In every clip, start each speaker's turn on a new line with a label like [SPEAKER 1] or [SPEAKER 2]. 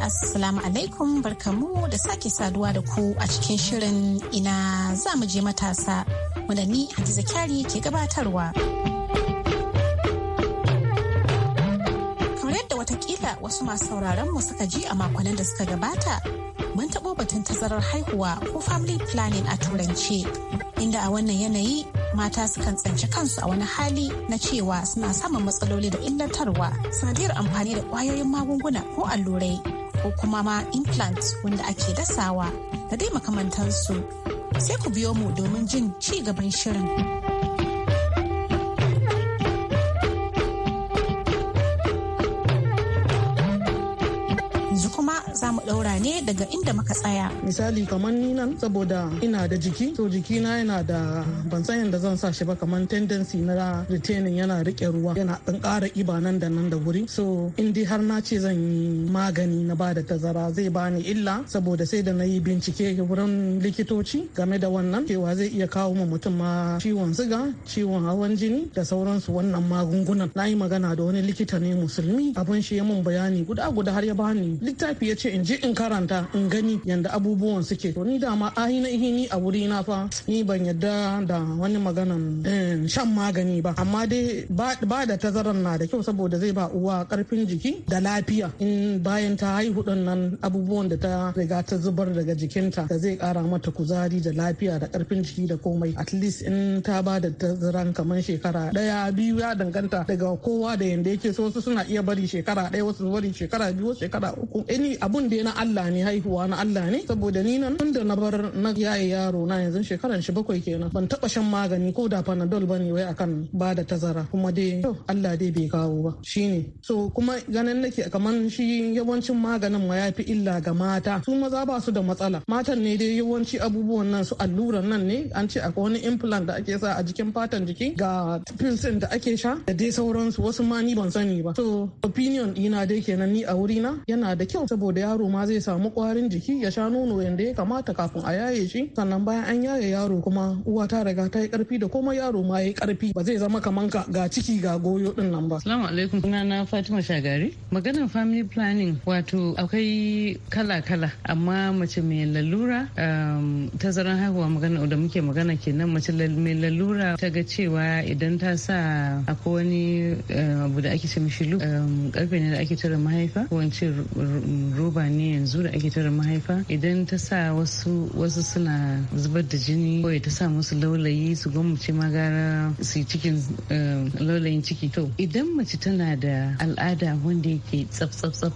[SPEAKER 1] Assalamu alaikum barkamu da sake saduwa da ku a cikin shirin ina za mu je matasa wanda ni Hadiza Kyari ke gabatarwa. Kamar yadda watakila wasu masu sauraron mu suka ji a makonnin da suka gabata mun taɓo batun tazarar haihuwa ko family planning a turance inda a wannan yanayi mata sukan tsanci kansu a wani hali na cewa suna samun matsaloli da illatarwa sanadiyar amfani da kwayoyin magunguna ko allurai ko kuma ma implant wanda ake dasawa da dai makamantansu sai ku biyo mu domin jin ci gaban shirin. mu ɗaura ne daga inda muka tsaya.
[SPEAKER 2] Misali kamar ni nan saboda ina da jiki, to jiki na yana da ban san yadda zan sa shi ba kamar tendency na retaining yana rike ruwa yana ɗan kara ƙiba nan da nan da wuri. So in dai har na ce zan yi magani na ba da tazara zai bani illa saboda sai da na yi bincike wurin likitoci game da wannan cewa zai iya kawo ma mutum ma ciwon siga, ciwon hawan jini da sauransu wannan magungunan. Na yi magana da wani likita ne musulmi abun shi ya mun bayani guda guda har ya bani littafi ya ce in ji in karanta in gani yanda abubuwan suke to ni dama ainihi ni a wuri na fa ni ban yadda da wani maganan eh, shan magani ba amma dai ba da tazarar na da kyau saboda zai ba uwa karfin jiki da lafiya in bayan ta haihu din nan abubuwan da ta riga ta zubar daga jikinta da zai kara mata kuzari da lafiya da karfin jiki da komai at least in ta ba da tazaran kamar shekara daya biyu ya danganta daga kowa da yanda yake so wasu suna iya bari shekara daya wasu bari shekara biyu shekara uku any abun dai na Allah ne haihuwa na Allah ne saboda ni nan tunda na bar na yaye yaro na yanzu shekaran shi bakwai kenan ban taba shan magani ko da panadol bane wai akan ba da tazara kuma dai Allah dai bai kawo ba shine so kuma ganin nake kamar shi yawancin maganin ma yafi illa ga mata su maza ba su da matsala matan ne dai yawanci abubuwan nan su alluran nan ne an ce akwai wani implant da ake sa a jikin fatan jiki ga pills da ake sha da dai sauransu wasu ma ni ban sani ba so opinion ina dai kenan ni a wurina yana da kyau saboda yaro yaro ma zai samu kwarin jiki ya sha nono yadda ya kamata kafin a yaye shi sannan bayan an yaye yaro kuma uwa ta riga ta yi karfi da komai yaro ma yayi karfi
[SPEAKER 3] ba zai zama kaman ka ga ciki ga goyo din nan ba assalamu alaikum sunana fatima shagari maganar family planning wato akwai kala kala amma mace mai lalura um, tazaran haihuwa magana da muke magana kenan mace mai lalura ta ga cewa idan ta sa akwai wani um, abu da ake ce mishi karfe um, ne da ake cire mahaifa ko roba guba ne yanzu da ake tara mahaifa idan ta sa wasu wasu suna zubar da jini ko ta sa musu laulayi su gwamnati ma gara su cikin eh, laulayin ciki to idan mace tana da al'ada wanda yake tsaf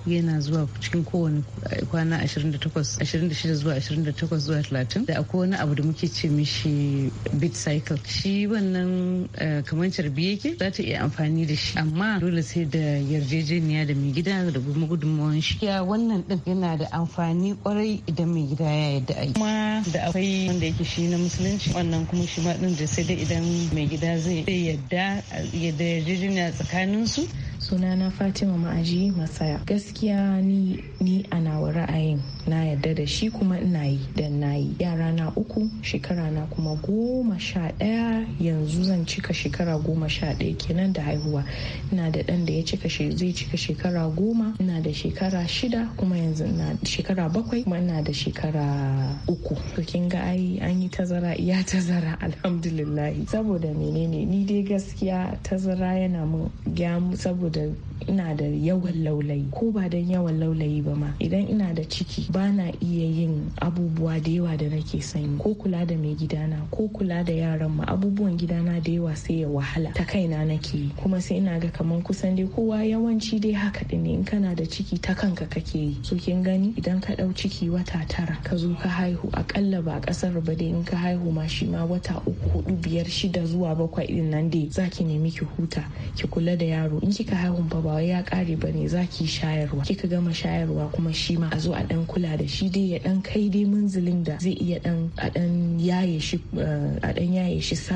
[SPEAKER 3] yana zuwa cikin kowane kwana 28 26 zuwa 28 zuwa 30 da akwai wani abu da muke ce mishi bit cycle shi wannan eh, kamar carbi yake za ta iya amfani da shi amma dole sai da yarjejeniya da mai gida da gudunmawar shi ya wannan din yana da amfani kwarai idan mai gida ya yarda a Kuma da akwai wanda yake shi na musulunci wannan kuma shi ma din da sai dai idan mai gida zai yarda yadda yarjejeniya tsakanin su sunana fatima ma'aji masaya
[SPEAKER 4] gaskiya ni ni a nawa ra'ayin na yadda da shi kuma ina yi dan na yi yara na uku shekara na kuma goma sha ɗaya yanzu zan cika shekara goma sha ɗaya kenan da haihuwa ina da ɗan da ya cika zai cika shekara goma ina da shekara shida kuma yanzu ina shekara bakwai kuma ina da shekara uku to kin ga ai an yi tazara iya tazara alhamdulillah saboda menene ni dai gaskiya tazara yana mun gyamu saboda and ina da yawan laulayi ko ba don yawan laulayi ba ma idan ina da ciki ba na iya yin abubuwa da yawa da nake sanyi. ko kula da mai gidana ko kula da yaran ma abubuwan gidana da yawa sai ya wahala ta kaina nake yi kuma sai ina ga kamar kusan dai kowa yawanci dai haka din ne in kana da ciki ta kanka kake yi so kin gani idan ka dau ciki wata tara ka zo ka haihu akalla ba kasar ba dai in ka haihu ma shi ma wata uku hudu biyar shida zuwa bakwai din nan dai zaki nemi ki huta ki kula da yaro in kika haihu ba wai ya kare bane za ki shayarwa kika gama shayarwa kuma shi ma a zo a dan kula da shi dai ya dan kai dai munzulin da zai iya dan a dan yaye shi eh, a dan yaye shi sa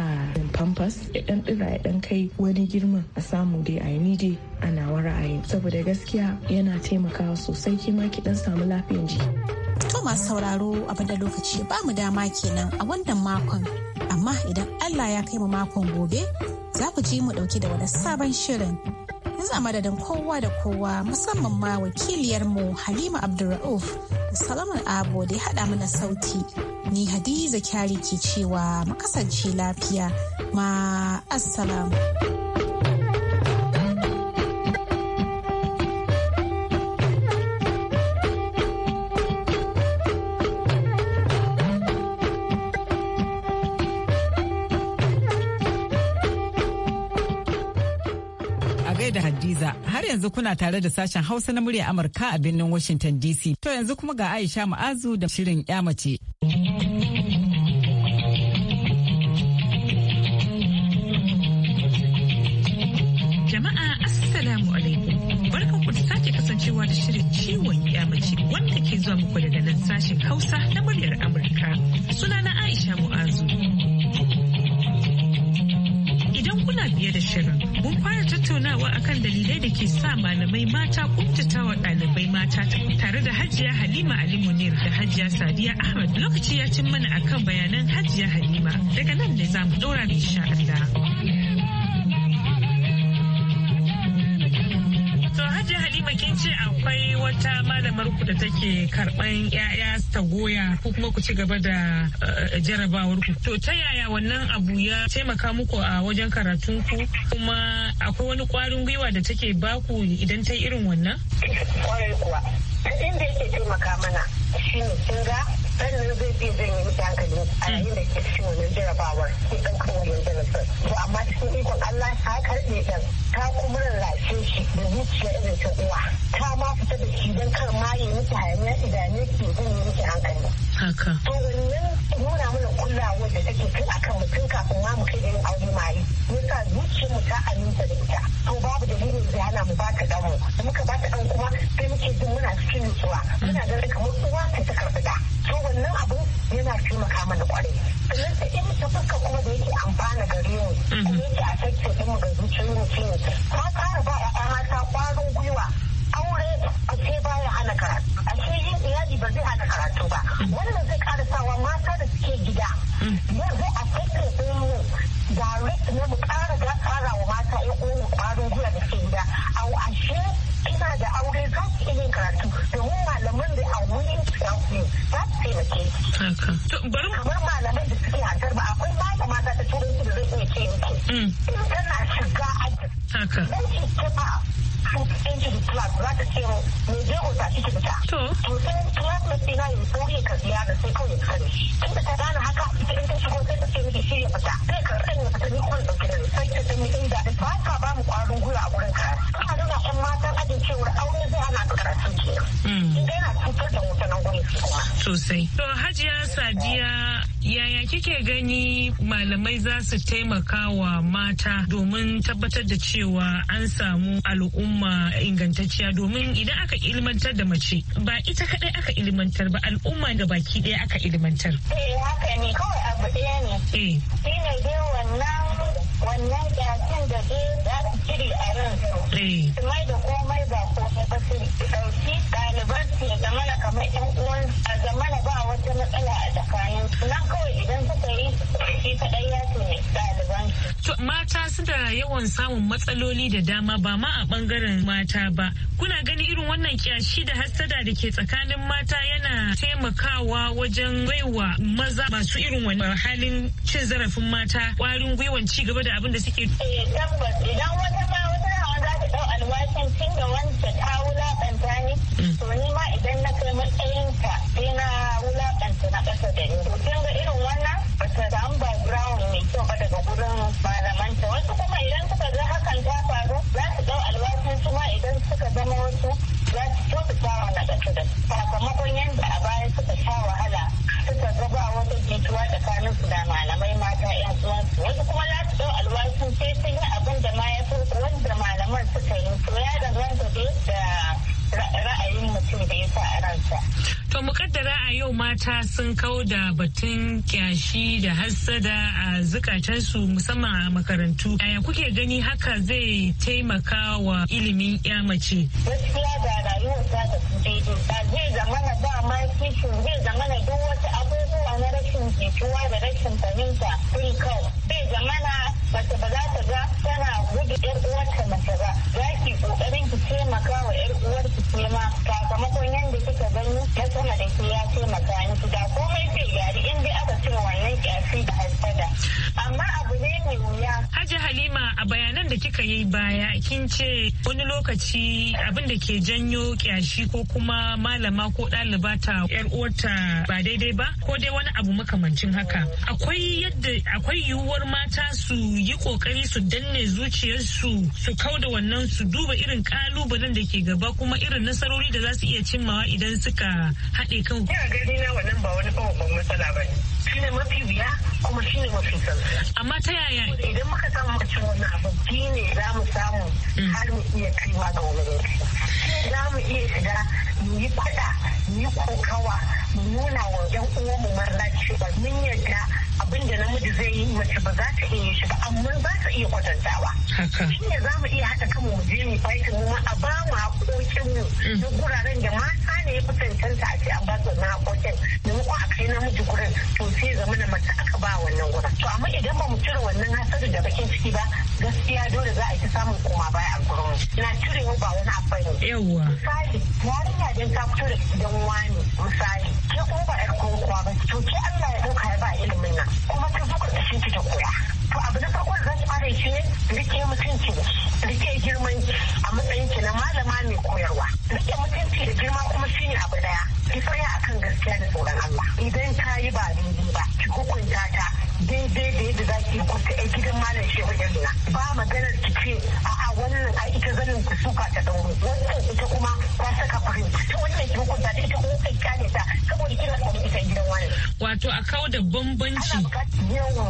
[SPEAKER 4] pampers ya dan dira ya dan kai wani girman a samu dai a ni dai a nawa ra'ayi saboda gaskiya yana taimakawa sosai kima ki dan samu lafiyan jiki to masu sauraro a da lokaci
[SPEAKER 1] ba mu dama kenan a wannan makon amma idan Allah ya kai mu makon gobe za ku ji mu dauke da wani sabon shirin yanzu a madadin kowa da kowa musamman ma wakiliyarmu halima abdulra'uf da salamun abo da ya haɗa mana sauti ni hadiza kyari ke cewa makasance lafiya ma assalamu
[SPEAKER 5] yanzu kuna tare da sashen Hausa na murya Amurka a birnin Washington DC. To yanzu kuma ga Aisha Ma'azu da shirin mace.
[SPEAKER 6] Jama'a Assalamu alaikum. Barkanku da sake kasancewa da shirin ciwon mace wanda ke zuwa muku daga nan sashen Hausa na muryar Amurka. Sunana fiye da shirin. Mun fara tattaunawa akan dalilai da ke sa malamai mata kuntata wa ɗalibai mata tare da Hajiya Halima Ali Munir da Hajiya Sadiya Ahmad. Lokaci ya cin mana akan bayanan Hajiya Halima. Daga nan ne za mu ɗora da insha Allah. kuma kin ce akwai wata malamar ku da take karban yaya ta goya ko kuma ku ci gaba da eh, jarabawar ku to ta yaya wannan abu ya taimaka muku a wajen karatun ku kuma akwai wani kwarin gwiwa da take baku idan ta irin wannan kwarai kuwa inda yake taimaka mana shine kin ga sannan zai iya
[SPEAKER 7] jin ya wuce hankali a yayin da ke cikin wannan jarabawar ke ɗaukar wannan jarabawar to amma cikin ikon Allah ta karɓe dan. ta kuma rarrashe shi da zuciya irin ta uwa ta ma fita da shi don kar ma ya miki hayaniya idane ke jin ya wuce hankali.
[SPEAKER 6] Haka. To wannan nuna mana kulawa da take kai akan mutum kafin ma mu kai irin aure maye. Yasa zuciyar mu ta aminta da ita. To babu
[SPEAKER 7] dalilin da hana mu baka damu. Muka baka dan kuma sai muke jin muna cikin nutsuwa. Muna ganin kamar uwa ta ta da. wannan abu yana taimaka mana
[SPEAKER 8] kwarai sannan ta in ta fuska kuma da yake amfana gare mu kuma mhm. yake a sake ɗin ga zuciyoyin mutum ta ƙara ba ƴaƴa mata ƙwarin gwiwa aure a ce ya hana karatu a ce yin
[SPEAKER 7] iyali ba zai hana karatu ba mhm. wannan zai ƙara sawa mata da suke gida mhm. zai a sake ɗin mu direct na mu ƙara ga ƙara wa mata ya uwan ƙwarin gwiwa da suke gida a ashe kina da aure za ki iya yin karatu Haka. Bari malamai da suke hajar ba akwai malama ta ta turanci da zai iya ce miki. Mm. Tana shiga ajin. Haka. Dan ce ta ba sun ci class za ta ce mu je ko ta ci ki To. To sai
[SPEAKER 6] malamai za su taimaka wa mata domin tabbatar da cewa an samu al'umma ingantacciya domin idan aka ilmantar da mace ba ita kadai aka ilmantar ba al'umma da baki daya aka ilmantar.
[SPEAKER 7] Eh haka ne kawai abu daya ne. Eh. Shi ne dai wannan wannan yakin da dai za su kiri a ransu. Eh. Su mai da komai ba komai ba su ɗauki yan uwan a ba wata matsala a
[SPEAKER 6] tsakanin nan kawai idan suka yi shi kaɗai ya To mata suna yawan samun matsaloli da dama ba ma a bangaren mata ba. Kuna gani irin wannan kyashi da hassada da ke tsakanin mata yana taimakawa wajen baiwa maza masu irin wani halin cin zarafin mata kwarin gwiwan ci gaba da abin da suke. Eh tabbas
[SPEAKER 7] idan wata ma kan tun da wanda ta wulaƙanta ni to ni ma idan na kai matsayin ta sai na wulaƙanta na ƙasa da ni to ga irin wannan ba an ba background mai kyau ba daga gurin malamanta wasu kuma idan suka ga hakan ta faru za su ɗau alwashin su ma idan suka zama wasu za su kyautata wa na ƙasa da sakamakon yanda a baya suka sha wahala suka ga a wata jituwa tsakanin su da malamai mata yan uwansu wasu kuma za su dau alwasu sai sun yi abin da ma ya fi wanda malaman suka yi to ya danganta da ra'ayin mutum da ya sa a ransa.
[SPEAKER 6] To mukaddara a yau mata sun kau da batun kyashi da hassada a zukatansu musamman a makarantu. Yaya kuke gani haka zai taimaka wa ilimin ya mace? Gaskiya da
[SPEAKER 7] rayuwar ta ta daidai ba zai zamana ba ma kishin zai zamana duk wasu abubuwa na rashin jituwa da rashin fahimta sun kau. bai zamana mace ba za ta ga tana gudu yar uwarta mace ba za ki kokarin ki taimaka wa yar uwarki ke ma sakamakon yadda kika gani na sama da ke ya taimaka miki da komai zai gari
[SPEAKER 6] in dai aka cire wannan kyafi da hasada amma
[SPEAKER 7] abu ne mai wuya Hajji Halima
[SPEAKER 6] a bayanan da kika yi baya kin ce wani lokaci abin da ke janyo kyashi ko kuma malama ko ɗaliba ta yar uwarta ba daidai ba ko dai wani abu makamancin haka akwai yadda akwai yiwuwar mata su yi kokari su danne zuciyarsu su kauda wannan su duba irin kalubalen da ke gaba kuma irin nasarori da za su iya cimmawa idan suka haɗe kan. Ina gani na wannan ba wani babban matsala ba ne. Shine mafi wuya kuma shine mafi sauki. Amma ta yaya? Idan muka samu mutum
[SPEAKER 7] wani abin shi ne za mu samu mm. har mu iya kaiwa ga wani za mu iya shiga mu yi fada mu yi kokawa mu nuna wa yan uwanmu marla cewa mun yadda abin da namiji zai yi mace ba za ta iya shi ba amma za ta iya kwatantawa shi ne za mu iya haɗa kanmu mu je mu faitin mu a ba mu haƙoƙinmu mm. na guraren da mata ne ya fi cancanta a ce an ba su wannan haƙoƙin maimakon a kai namiji gurin to sai zama na mace aka ba wannan gurin to amma idan ba mu cire wannan hasari da bakin ciki ba gaskiya dole za a yi ta samun koma baya a gurin na cire mu ba wani abu ne yawwa misali yarinya dan ta fito da gidan wani misali ke kuma ba yar kowa ba to ke Allah ya dauka ya ba ilimin nan kuma ta zuka ka shi ta koya to abu na farko da za fara shi ne rike mutunci rike girman a matsayin ki na malama mai koyarwa rike mutunci da girma kuma shi ne abu daya ki tsaya akan gaskiya da tsoron Allah idan ka yi ba daidai ba ki hukunta ta daidai da yadda za ki kusa a gidan malam shehu yalla ba maganar ki ce a wannan a ita zanin ku suka ta dauro wannan ita kuma ta saka farin ta wannan ki hukunta ta ita kuma kai kyale ta saboda kina tsaron ita gidan
[SPEAKER 6] malam wato a kau da bambanci Ana
[SPEAKER 7] yawa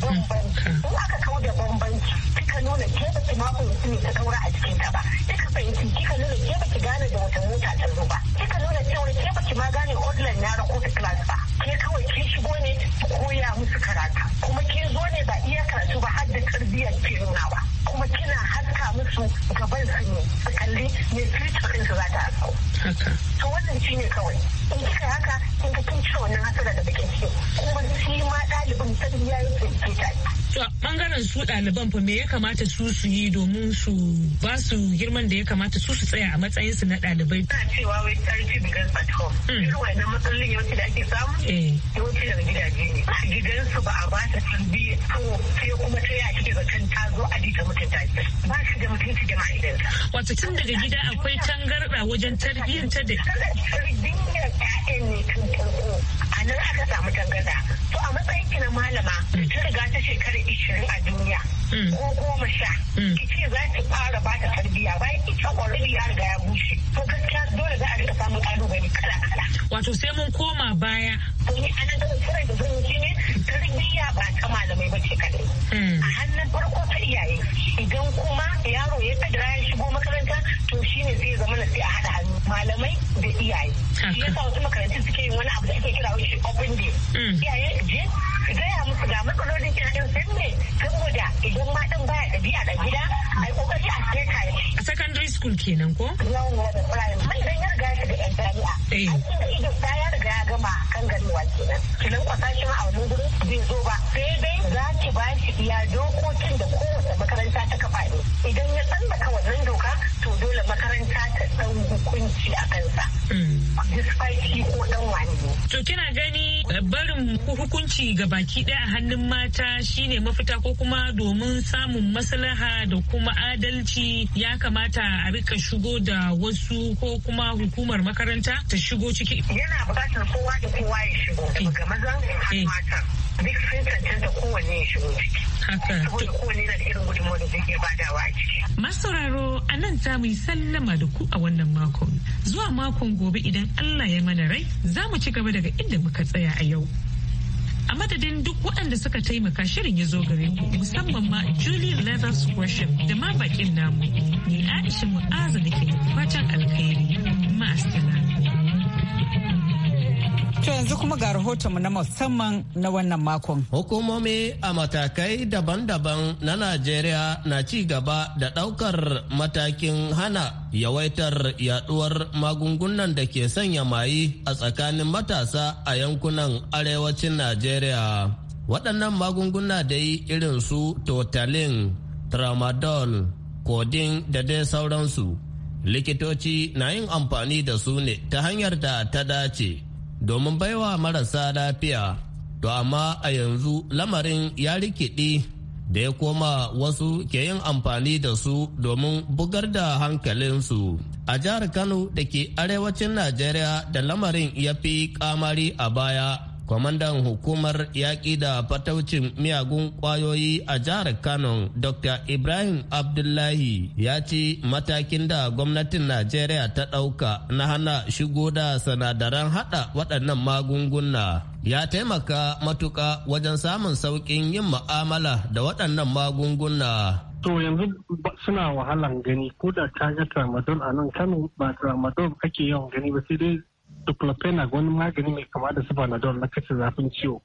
[SPEAKER 7] bambanci hmm, in aka kau da bambanci kika nuna ke ba ki mako ne ta ɗaura a cikin ta ba kika fahimci kika nuna ke ba ki gane da wata mota ta zo ba kika nuna cewa ke ba ki ma to wannan shi ne kawai in kika haka kin ga kin ci wannan hasara da kake ci kuma shi ma ɗalibin tarbiyya ya tsinci ta
[SPEAKER 6] To bangaren su ɗaliban fa me ya kamata su su yi domin su ba su girman da ya kamata su su tsaya a matsayin su na ɗalibai. Ina cewa wai charity begins at home. Irin hmm. wannan matsalolin yawanci da ake samu? Eh.
[SPEAKER 7] Yawanci daga gidaje ne. Gidansu ba a ba ta tarbiyya ko sai kuma ta yaya kike kan ta
[SPEAKER 6] zo a ta mutunta. Ba da mutunci da ma'aikinta. Wato tun daga gida akwai tangarɗa wajen tarbiyyanta da. Tarbiyyar ƴaƴan ne tun farko a nan aka samu
[SPEAKER 7] tangarɗa. To a matsayin ki na malama da ta riga ta shekara ishirin a duniya. Ko goma sha. Ki ce za ki fara ba ta tarbiyya bayan ki ta ƙwararri ya riga ya bushe. To gaskiya dole za a riƙa samun ƙalubale kala-kala. Wato sai mun koma baya. To a nan da tsira da ne tarbiyya ba ta malamai ba ce kadai. A hannun farko ta iyaye. kuma yaro ya kadara ya shigo makaranta to shine zai ya zama na sai a haɗa hannu malamai da iyaye shi yasa wasu makarantun suke yin wani abu da ake kira shi open day mm. iyaye je gaya musu ga matsalolin ƴaƴan sun ne saboda idan ma ɗan baya ɗabi'a da gida a yi ƙoƙari a sai kare
[SPEAKER 6] secondary school kenan ko yawon da primary mai
[SPEAKER 7] dan ya riga ya shiga ƴan jami'a aikin da ido ta ya eh. riga ya gama kan ganewa kenan kilan kwasa a wani gurin bai zo ba sai dai za ki ba shi iya dokokin da ko idan ya tsallaka wannan doka to dole makaranta ta ɗau hukunci a kansa. Mm.
[SPEAKER 6] To kina gani eh, barin hukunci ga baki ɗaya a hannun mata shine mafita ko kuma domin samun maslaha da kuma adalci ya kamata a rika shigo da wasu ko kuma hukumar makaranta ta shigo ciki. Yana buƙatar kowa da kowa ya shigo daga eh. mazan
[SPEAKER 7] har eh. mata. duk sun cancanta kowanne ya shigo ciki. Saboda kowanne yana da irin da zai iya badawa a ciki.
[SPEAKER 6] Masauraro a nan za mu yi sallama da ku a wannan makon. Zuwa makon gobe idan Allah ya mana rai za mu ci gaba daga inda muka tsaya a yau. a madadin duk waɗanda suka taimaka shirin ya zo gare ku musamman ma Julie Leathers Worship da ma bakin namu ni Aisha Mu'azu nake fatan alkhairi ma'asala. To yanzu
[SPEAKER 5] kuma ga rahotonmu na musamman na wannan makon. Hukumomi a matakai daban-daban na Najeriya
[SPEAKER 9] na ci gaba da ɗaukar matakin hana yawaitar yaduwar magungunan da ke sanya mayi a tsakanin matasa a yankunan arewacin Najeriya. Waɗannan magunguna yi irin su Totalin, Tramadol, kodin da dai sauransu. Likitoci na yin amfani da su ne ta hanyar da ta dace. domin baiwa marasa lafiya to amma a yanzu lamarin ya rikiɗi da ya koma wasu ke yin amfani da su domin bugar da hankalinsu a jihar kano da ke arewacin najeriya da lamarin ya fi kamari a baya kwamandan hukumar yaƙi da fataucin miyagun ƙwayoyi a jihar kano dr ibrahim abdullahi ya ce matakin da gwamnatin najeriya ta ɗauka na hana shigo da sanadaran haɗa waɗannan magunguna ya taimaka matuƙa wajen samun sauƙin yin ma'amala da waɗannan magunguna
[SPEAKER 10] to yanzu suna wahalan gani ko da ta ga tramadol a nan kano ba tramadol ake yawan gani ba sai dai diclofenac wani magani mai kama da su panadol na kashe zafin ciwo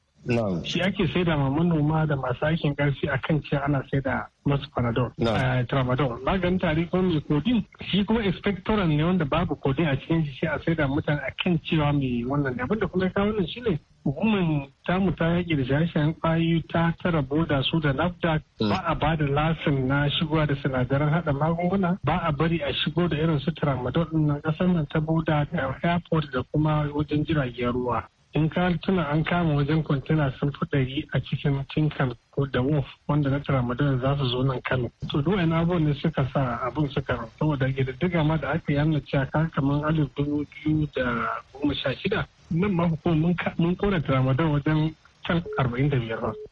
[SPEAKER 10] shi ake saida ma manoma da masu aikin ƙarfi a kan cewa ana da masu panadol eh, tramadol maganin tari ko mai kodin shi kuma expectorant ne wanda babu kodin a cikin shi a saida mutane a kan cewa mai wannan ne abinda kuma ya kawo wannan ne. hukumar tamu ta yaƙi da shayen ƙwayoyi ta tara boda su da nafta mm. ba a ba da lasin na shigowa da sinadaran hada magunguna ba a bari a shigo da irin su tramadol na ƙasar nan ta boda da airport da kuma wajen jiragen ruwa in ka tuna an kama wajen kwantena sun fi ɗari a cikin tinkan ko da wolf wanda na tramadol za su zo nan kano to duk wani abubuwan ne suka sa abin suka rau saboda gididdiga ma da aka yi cewa ka kamar alif dubu biyu da goma sha shida nan ma hukumar mun kora tramadol wajen can arba'in da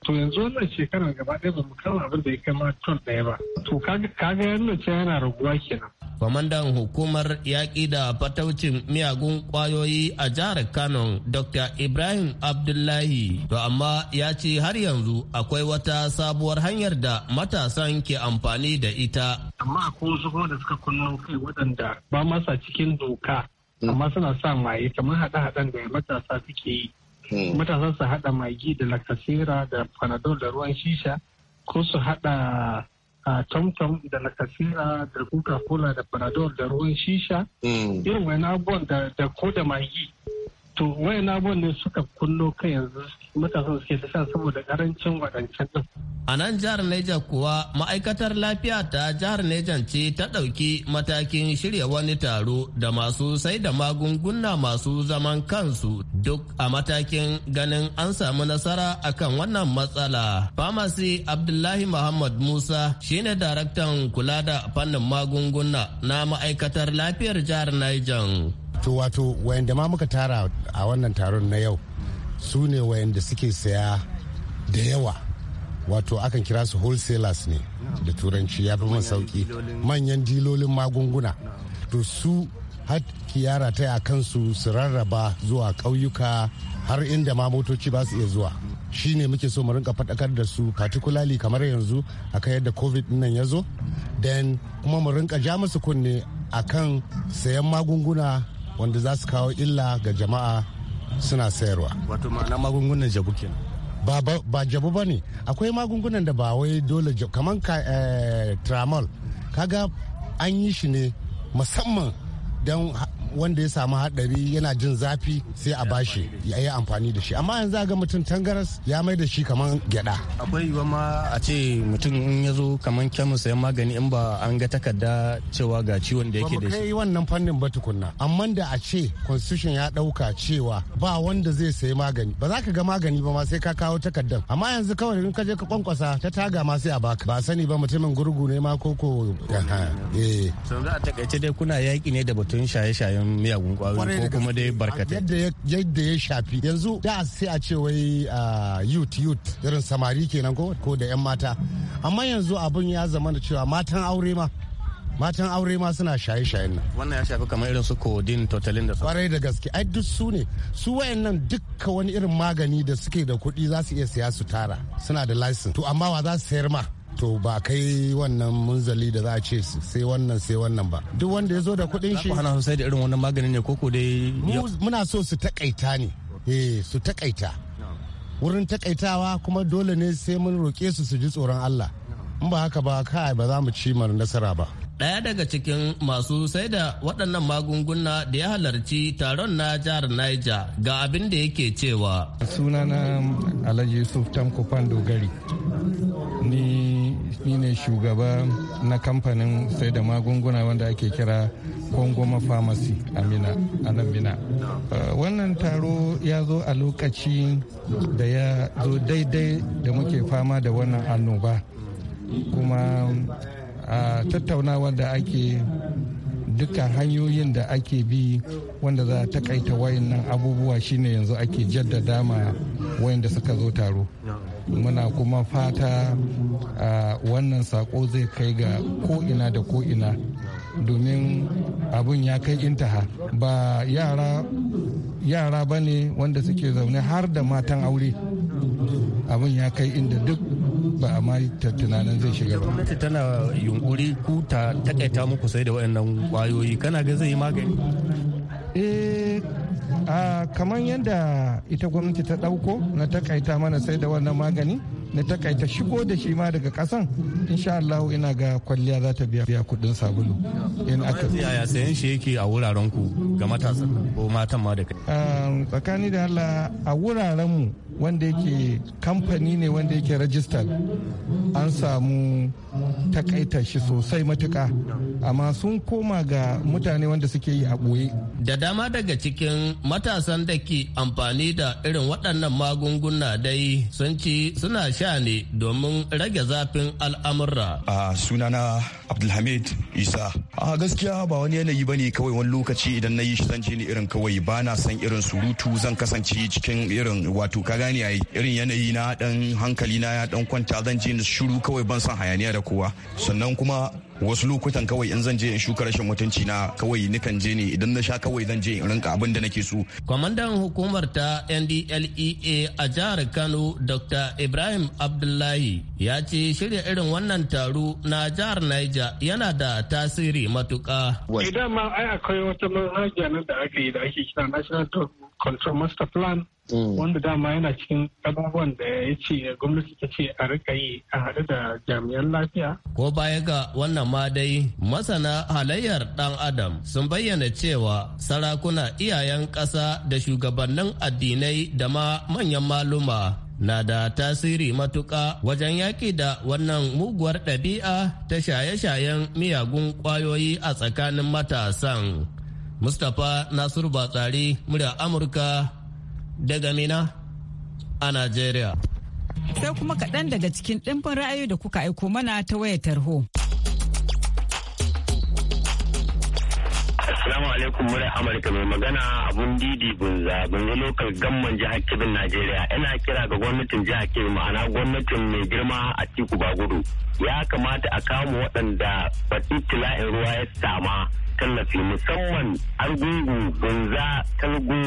[SPEAKER 10] to yanzu wannan shekarar gaba ɗaya ba mu kama abin da ya kai ma ton ɗaya ba
[SPEAKER 9] to kaga kaga yana yana raguwa kenan kwamandan hukumar yaƙi da fataucin miyagun ƙwayoyi a jihar kano dr ibrahim abdullahi to amma ya ce har yanzu akwai wata sabuwar hanyar da matasan ke amfani da ita
[SPEAKER 10] amma akwai wasu kuma da suka kunno kai waɗanda
[SPEAKER 9] ba masa cikin
[SPEAKER 10] doka amma suna sa maye kamar haɗa-haɗan da matasa suke yi matasa mm. su haɗa magi da lakasira da panadol da ruwan shisha ko su haɗa a da lakasira da coca cola da panadol da ruwan shisha mm. irin
[SPEAKER 9] wani abubuwan da ko da magi
[SPEAKER 10] to wayan abubuwan ne suka kullo kai yanzu matasan suke ta saboda karancin waɗancan din.
[SPEAKER 9] a nan jihar Neja kuwa ma'aikatar lafiya ta jihar Niger ce ta ɗauki matakin shirya wani taro da masu sai da magunguna masu zaman kansu duk a matakin ganin an samu nasara akan wannan matsala. Famasi Abdullahi Muhammad Musa shine daraktan kula da fannin magunguna na ma'aikatar lafiyar jihar
[SPEAKER 11] Niger. to wato wayanda ma muka tara a wannan taron na yau su ne wayanda suke saya da yawa wato akan kira su wholesalers ne da turanci ya fi man sauki manyan dilolin magunguna to su har kiyara ta a kansu su rarraba zuwa ƙauyuka har inda ma motoci ba su iya zuwa shi ne muke so mu rinka faɗakar da su particularly kamar yanzu akan yadda covid nan ya zo den kuma mu rinka ja masu kunne a kan sayan magunguna wanda za su kawo illa ga jama'a suna sayarwa wato ma'ana magungunan jabu kenan ba, ba, ba jabu ba ne akwai magungunan da ba wai dole kamar ka, eh, tramol kaga an yi shi ne musamman don wanda ya samu haɗari yana jin zafi sai a bashi ya yi amfani da shi amma yanzu ga mutum tangaras ya mai da shi kamar gyada akwai yiwuwa ma a ce mutum in ya zo kamar
[SPEAKER 9] kemis sayan magani in ba an ga takarda cewa ga ciwon da yake da shi ba kai
[SPEAKER 11] wannan fannin ba tukunna amma da a ce constitution ya ɗauka cewa ba wanda zai sayi magani ba za ka ga magani ba ma sai ka kawo takardar amma yanzu kawai in ka je ka kwankwasa ta taga ma sai a baka ba sani ba mutumin gurgu ne ma koko
[SPEAKER 9] eh so za a takaice dai kuna yaki ne da batun shaye-shayen wajen miyagun kwayoyi ko kuma dai barkatai
[SPEAKER 11] yadda ya shafi yanzu da sai a ce wai youth youth irin samari kenan ko ko da yan mata amma yanzu abun ya zama da cewa matan aure ma matan aure ma suna shaye-shayen nan
[SPEAKER 9] wannan ya shafi kamar irin su kodin totalin da
[SPEAKER 11] kwarai da gaske ai duk su ne su wayannan dukka wani irin magani da suke da kuɗi za su iya siya su tara suna da license to amma wa za su sayar ma to ba kai wannan munzali da za a ce sai wannan sai wannan ba duk wanda ya zo da kuɗin shi hana sosai da irin wannan maganin ne koko dai muna so su takaita ne eh su takaita wurin takaitawa kuma dole ne sai mun roƙe su su ji tsoron Allah in ba haka ba kai ba za mu ci mar nasara ba
[SPEAKER 9] Ɗaya daga cikin masu sai da waɗannan magunguna da ya halarci taron na jihar Niger ga abin da yake cewa.
[SPEAKER 12] Sunana Alhaji Yusuf Tamko Fando Gari. Ni ni ne shugaba na kamfanin sai da magunguna wanda ake kira kongoma pharmacy mina a nan mina uh, wannan taro ya zo a lokaci da ya zo daidai da muke fama da wannan annoba kuma a tattaunawa da ake dukkan hanyoyin da ake bi wanda za a takaita wayannan abubuwa shine yanzu ake jaddada ma wayanda suka zo taro muna kuma fata wannan sako zai kai ga ko'ina da ko'ina domin abin ya kai intaha ba yara yara ba ne wanda suke zaune har da matan aure abin ya kai inda duk ba a ma tunanin zai shiga ba. gwamnati
[SPEAKER 9] tana yunkuri ku ta takaita muku sai da wayannan kwayoyi kana ga zai yi magani?
[SPEAKER 12] eh kamar yadda ita gwamnati ta dauko na takaita mana sai da wannan magani na takaita shigo da shi ma daga kasan insha Allah ina ga kwalliya za ta biya kudin sabulu
[SPEAKER 9] in aka yaya sayan shi yake a wuraren ku ga matasa ko matan ma da kai
[SPEAKER 12] tsakani da Allah a wuraren mu wanda yake kamfani ne wanda yake rajistar an samu takaita shi sosai matuka amma sun koma ga mutane wanda suke yi a ɓoye.
[SPEAKER 9] da dama daga cikin matasan da ke amfani da irin waɗannan magunguna dai sun ci suna sha ne domin rage zafin al'amura.
[SPEAKER 12] a sunana abdulhamid isa a gaskiya ba wani yanayi ba ne kawai wani lokaci idan na yi shi zan je ni irin kawai ba na san irin surutu zan kasance cikin irin wato gane a irin yanayi na dan hankali na ya dan kwanta zan je ni shiru kawai ban san hayaniya da kowa sannan kuma wasu lokutan kawai in zan je in shuka rashin mutunci na kawai nikan je ne idan na sha kawai zan je in rinka abin da nake so.
[SPEAKER 9] Kwamandan hukumar ta NDLEA a jihar Kano Dr. Ibrahim Abdullahi ya ce shirya irin wannan taro na jihar Niger yana da tasiri matuka. Idan ma
[SPEAKER 10] ai akwai wata manhaja na da ake da ake kira National Control Master Plan Mm. wanda dama yana cikin
[SPEAKER 9] abubuwan da ya ce gwamnati ta ce a rika yi a haɗu da jami'an lafiya. Ko baya ga wannan ma dai masana halayyar ɗan adam sun bayyana cewa sarakuna iyayen ƙasa da shugabannin addinai da ma manyan maluma na da tasiri matuƙa wajen yaƙi da wannan muguwar ɗabi'a ta shaye-shayen miyagun ƙwayoyi a tsakanin matasan. Mustapha Nasiru Batsari, murya Amurka daga Mina a Najeriya.
[SPEAKER 5] Sai kuma kaɗan daga cikin ɗimbin ra'ayoyi da kuka aiko mana ta wayar tarho.
[SPEAKER 9] Assalamu alaikum murai
[SPEAKER 8] Amurka mai magana abun didi bunza bunza lokal gamman jihar Kebbi Najeriya ina kira ga gwamnatin jihar Kebbi ma'ana gwamnatin mai girma a Tiku Bagudu ya kamata a kama waɗanda batun tila'in ruwa ya sama tallafi musamman argungu gunza talgo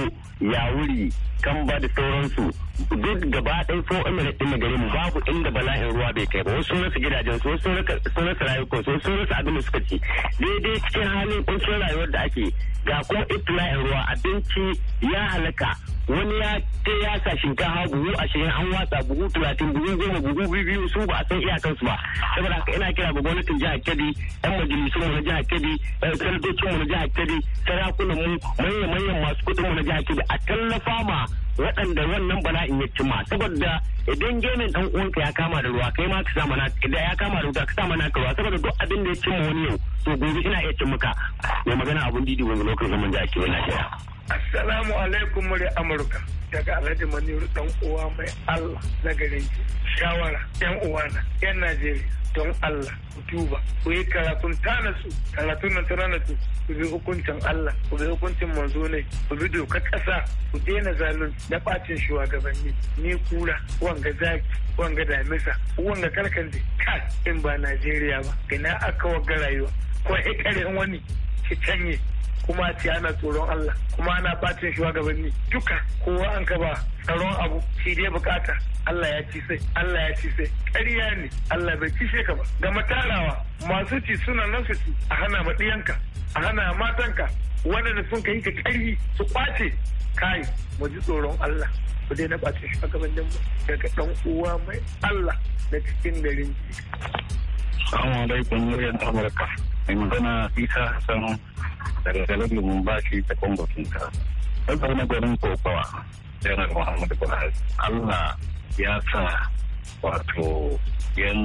[SPEAKER 8] yawuri kamba da sauransu duk gaba ɗaya ko emirate ɗin gare mu babu inda bala'in ruwa bai kai ba wasu sun rasa gidajen su sun rasa rayukan su sun rasa abin da suka ci daidai cikin halin kuncin rayuwar da ake ga kuma ibtila'in ruwa abinci ya halaka wani ya ta ya sa shinkafa buhu ashirin an watsa buhu talatin buhu goma buhu biyu su ba a san iyakansu ba saboda haka ina kira ga gwamnatin jihar kebbi yan majalisun mu na jihar kebbi sanatocin mu na jihar kebbi sarakunan mu manyan manyan masu kudin mu na jihar kebbi a tallafa ma waɗanda wannan bala'in ya cima saboda idan gemin dan uwanka ya kama da ruwa kai ma ka sama idan da ya kama da ruwa ka sama na ruwa saboda duk abin da ya cimma wani yau to gobe ina iya cimma mai magana abun didi wani lokacin zaman jihar
[SPEAKER 12] kebbi na kira. Assalamu alaikum muryar Amurka daga Alhaji Maniru ɗan uwa mai Allah na garin shawara yan uwana yan Najeriya don Allah ku duba ku yi karatun tana su karatun nan tana su ku bi hukuncin Allah ku bi hukuncin manzo ne ku bi dokar ƙasa ku daina zalun na ɓacin shugabanni ni kura wanga zaki wanga damisa wanga karkande kai in ba Najeriya ba ina aka wa rayuwa ko hikarin wani ci canye kuma ci ana
[SPEAKER 8] tsoron Allah kuma ana fatin shugabanni duka kowa an ka ba tsaron
[SPEAKER 12] abu shi dai bukata Allah ya ci sai Allah ya ci sai ƙarya ne Allah bai ci ka ba ga matarawa masu ci suna nan su ci a hana maɗiyanka a hana matanka waɗanda sun kai ka ƙarfi su kwace kai mu ji tsoron Allah ku dai na kwace shugabannin daga ɗan uwa mai Allah da cikin garin Assalamu
[SPEAKER 8] alaikum muryar Amurka. mai magana isa hassan daga galar lumumbashi ta kongo kinta ɗaukar na gwanin kokowa janar muhammadu buhari allah ya sa wato yan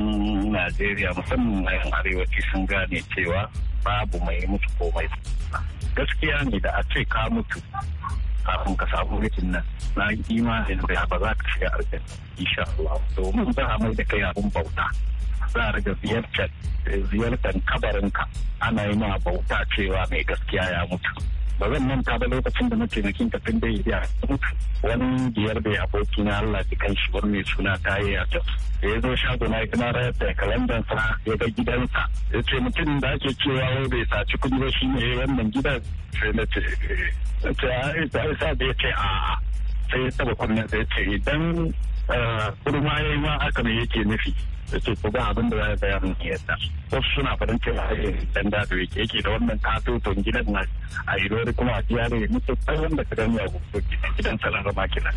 [SPEAKER 8] najeriya musamman na yan arewaci sun gane cewa babu mai mutu komai gaskiya ne da a ce ka mutu kafin ka samu rikin nan na imanin da ba za ka shiga arzikin insha Allah domin za a mai da kai abin bauta za a riga ziyartar ziyartar kabarinka ana yi ma bauta cewa mai gaskiya ya mutu ba zan manta ba lokacin da mataimakin tun da ya mutu wani biyar da ya aboki na Allah ki kan shi wani mai suna ta yi a da ya zo shago na ya rayar da sa ya ga gidansa ya ce mutum da ake cewa wai bai saci kudi ba shi ne wannan gidan sai na ce sa da ya ce a sai ya taba kunnen sai ya ce idan eh, kurma ya yi ma haka ne yake nufi su ko ga abin da za ka mun ne yadda wasu suna fadin cewa ai dan da yake yake da wannan katoton gidan na a idori kuma a tiyare mutu tsayin da ka gani a gudu gidan salon rama kenan.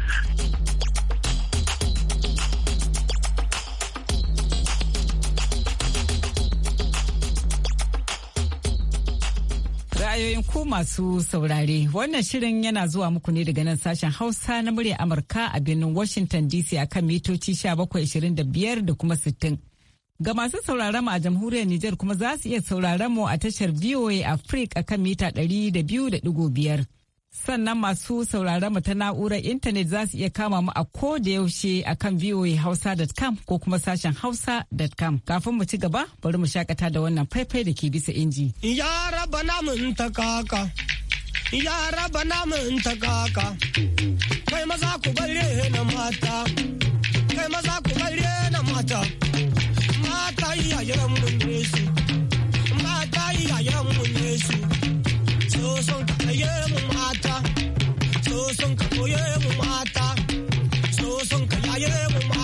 [SPEAKER 5] ra'ayoyin ku masu saurare. Wannan shirin yana zuwa muku ne daga nan sashen Hausa na murya Amurka a birnin Washington DC akan mitoci 1725 da kuma 60. Ga masu sauraron mu a jamhuriyar Nijar kuma za su iya sauraron mu a tashar VOA Africa akan mita 200.5. sannan masu sauraron mu ta na'urar intanet za su iya kama mu a ko da yaushe a kan voahausa.com ko kuma sashen hausa.com kafin mu ci gaba bari mu shakata da wannan faifai da ke bisa inji.
[SPEAKER 13] ya raba namun ta kaka ya raba ta kaka kai maza ku bare na mata kai maza ku bare na mata mata iyayen mun so son ka koye mu mata so son ka koye mu mata so ka yaye mu mata